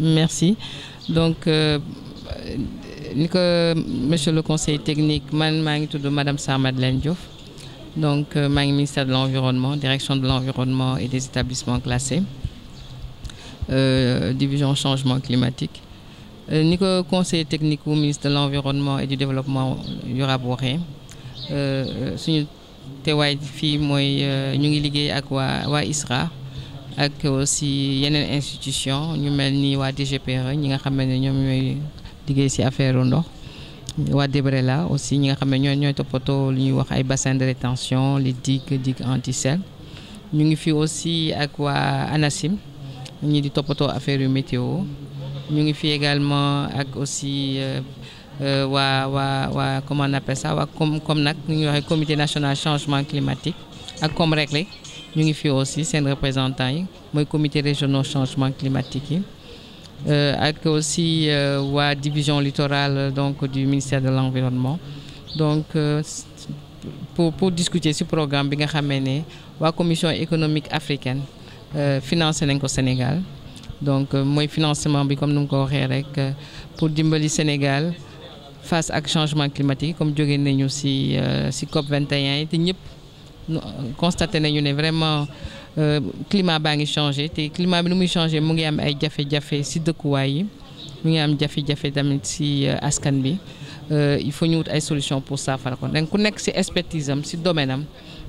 merci donc euh, ni ko monsieur le conseil technique man maa ngi tudd madame Sarr Madeleine Diouf donc euh, maa ngi ministère de l'environnement direction de l'environnement et des établissements classés euh, division changement climatique ni ko conseil technique wu ministre de l'environnement et du développement durable waxee suñu teewaay fii mooy ñu ngi liggéey ak waa waa ISRA ak aussi yeneen institution ñu mel nii waa DGPRE ñi nga xam ne ñoom ñooy liggéey si affaire ndox waa la aussi ñi nga xam ne ñoo ñooy toppatoo lu ñuy wax ay bassin de rétention les digues digues anti-sel ñu ngi fi aussi ak waa ANACIM ñi di toppatoo affaire yu météo ñu ngi fi également ak aussi euh, euh, waa waa waa comment on appelle ça comme comme nag ñu ngi waxee comité national changement climatique ak comme rek ñu ngi fi aussi seen représentant yi mooy comité régional changement climatique yi euh, ak aussi euh, waa division littorale donc du ministère de l'environnement donc euh, pour pour discuter ci programme bi nga xamee ne waa commission économique africaine financer nañ ko Sénégal donc mooy financement bi comme nu mu ko waxee rek pour dimbali Sénégal face ak changement climatique comme jóge nañu ci ci COP 21 yi te ñëpp. Euh, constaté nañu ne vraiment euh, climat baa ngi changé te climat bi nu muy changé mu ngi am ay jafe-jafe si dëkkuwaay yi mu ngi am jafe-jafe tamit si euh, askan bi il faut ñu wut ay solution pour saafara ko donc ku nekk si expertise am si domaine am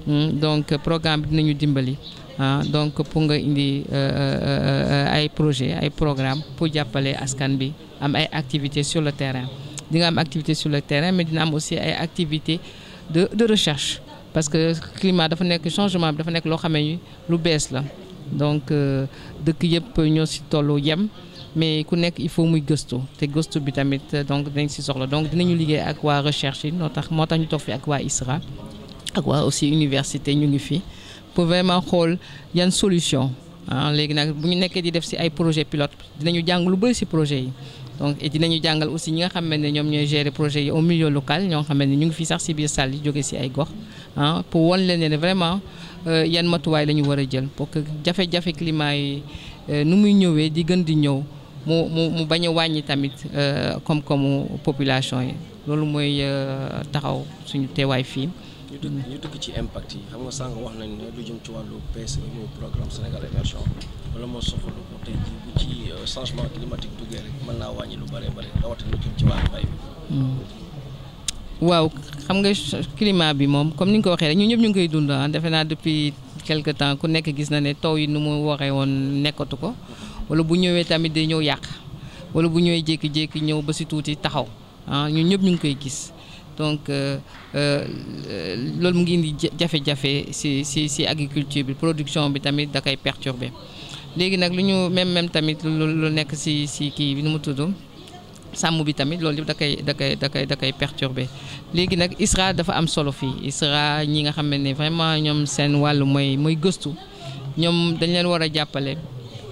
hmm, donc programme bi dinañu dimbali ah donc pour nga indi ay projet ay programme pour jàppale askan bi am ay activités sur le terrain di nga am activité sur le terrain mais dina am aussi ay activités de de recherche parce que climat dafa nekk changement bi dafa nekk loo xamee ni lu bees la donc euh, dëkk yëpp ñoo si tollu yem mais ku nekk il faut muy gëstu te gëstu bi tamit euh, donc dañu si soxla donc dinañu liggéey ak waa recherche yi noo tax moo tax ñu toog fi ak waa ISRA ak waa aussi université ñu ngi fii pour vraiment xool yan solution ah léegi nag bu ñu nekkee di def si ay projet pilote dinañu jàng lu bëri si projet yi donc dinañu jàngal aussi ñi nga xam ne ñoom ñooy gérer projet yi au ñoo xam ne ñu ngi fi sax si biir salle yi jóge si ay gox ah pour wan leen ne vraiment euh, yan matuwaay la ñu war a jël pour que jafe-jafe climat yi euh, nu muy ñëwee di gën di ñëw mu mu mu bañ a wàññi tamit euh, koom-koomu population yi loolu mooy taxaw suñu teewaay fii. ñu dugg ñu dugg ci impact yi xam nga sànq wax nañ ne lu jëm ci wàllu PSE muy programme Sénégal émergent wala moo soxalu ko tey ji ci changement climatique duggee rek mën naa wàññi lu bare bare rawatina lu jëm ci wàllu mbay waaw xam nga climat bi moom comme ni nga ko waxee rek ñun ñëpp ngi koy dund ah defe naa depuis quelque temps ku nekk gis na ne taw yi nu mu waxee woon nekkatu ko wala bu ñëwee tamit day ñëw yàq wala bu ñëwee jékki-jékki ñëw ba si tuuti taxaw ah ñun ñëpp ñu ngi koy gis donc euh, euh, loolu mu ngi indi jafe-jafe si si si agriculture bi production bi tamit da koy perturber léegi nag lu ñu même tamit lu nekk si si kii bi nu mu tudd. sàmm bi tamit loolu yëpp da koy da koy da koy da koy perturbé léegi nag ISRA dafa am solo fii ISRA ñi nga xam ne vraiment ñoom seen wàll mooy mooy gëstu ñoom dañu leen war a jàppale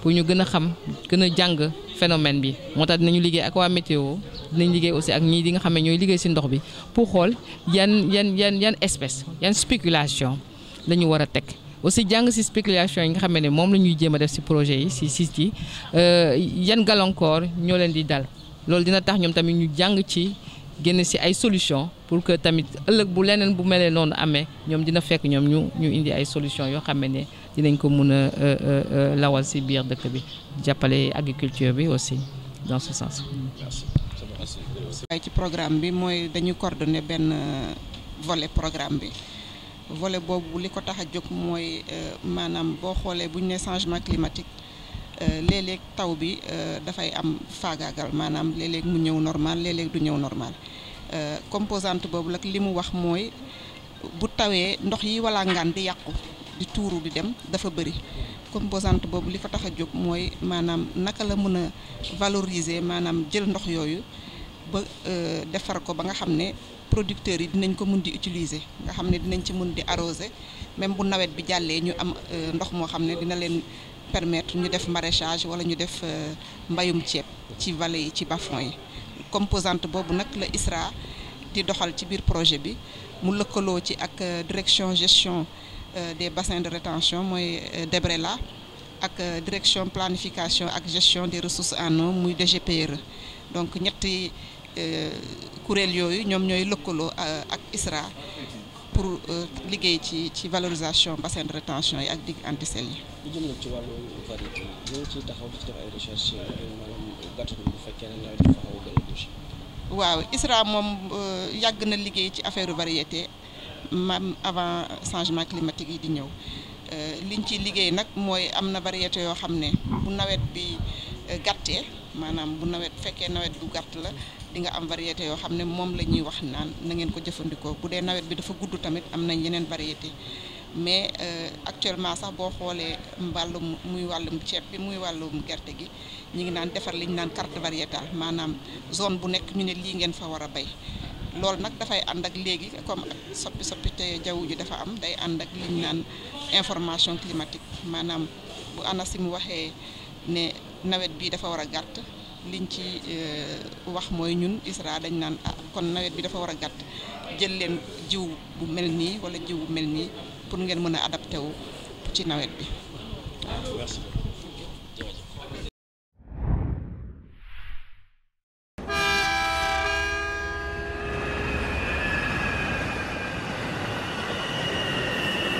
pour ñu gën a xam gën a jàng phénomène bi moo tax dinañu liggéey ak waa météo dinañ liggéey aussi ak ñii di nga xam ne ñooy liggéey si ndox bi pour xool yan yan yan yan espèce yan spéculation la war a teg aussi jàng si spéculation yi nga xam ne moom la ñuy jéem a def si projet yi si site yi euh, yan gàllankoor ñoo leen di dal loolu dina tax ñoom tamit ñu jàng ci génn si ay solution pour que tamit ëllëg bu leneen bu melee noonu amee ñoom dina fekk ñoom ñu ñu indi ay solution yoo xam ne dinañ ko mun a euh, euh, euh, lawal si biir dëkk bi jàppale agriculture bi aussi dans ce sens. waaye ci programme bi mooy dañu coordonner benn vole programme bi volet boobu li ko tax a jóg mooy maanaam boo xoolee bu ne nee changement climatique. Euh, léeg-léeg taw bi euh, dafay am faagaagal maanaam léeg mu ñëw normal léeg-léeg du ñëw normal euh, composante boobu nag li mu wax mooy bu tawee ndox yi wala ngaan di yàqu di tuuru di dem dafa bëri composante boobu li fa tax a jóg mooy maanaam naka la mën a valoriser maanaam jël ndox yooyu ba defar ko ba nga xam ne producteurs yi dinañ ko mun di utiliser nga xam ne dinañ ci mun di arroser même bu nawet bi jàllee ñu am ndox moo xam ne dina leen permettre ñu def maraîchage wala ñu def euh, mbayum ceeb ci vallée yi ci bas yi composante boobu nag la ISRA di doxal ci biir projet bi mu lëkkaloo ci ak euh, direction gestion euh, des bassin de rétention mooy la ak direction planification ak gestion des ressources en eau muy DGPRE donc ñetti kuréel yooyu ñoom ñooy lëkkaloo ak ISRA pour euh, liggéey ci ci valorisation bassin de rétention yi ak digue antisel yi. lu jëm ci wàllu variété yi ñu ngi taxaw di ci def ay recherche euh, maanaam bu fekkee ne nawet waaw ISRA moom euh, yàgg na liggéey ci affaire variété mam avant changement climatique yi di ñëw liñ ciy liggéey nag mooy am na variété yoo xam ne bu nawet bi gàttee maanaam bu nawet fekkee nawet bu gàtt la. nga am variété yoo xam ne moom la ñuy wax naan na ngeen ko jëfandikoo bu dee nawet bi dafa gudd tamit am nañ yeneen variété mais euh, actuellement sax boo xoolee mbàllum muy wàllum ceeb bi muy wàllum gerte gi ñu ngi naan defar li ñu naan carte variétale maanaam zone bu nekk ñu ne lii ngeen fa war a béy loolu nag dafay ànd ak léegi comme soppi soppi te jaww ji dafa am day ànd ak li naan information climatique maanaam bu ANACIM waxee ne nawet bi dafa war a gàtt liñ ci euh, wax mooy ñun ISRA dañ naan ah kon nawet bi dafa war a gàtt jël leen jiw bu mel nii wala jiw bu mel nii pour ngeen mën a adapté wu ci nawet bi.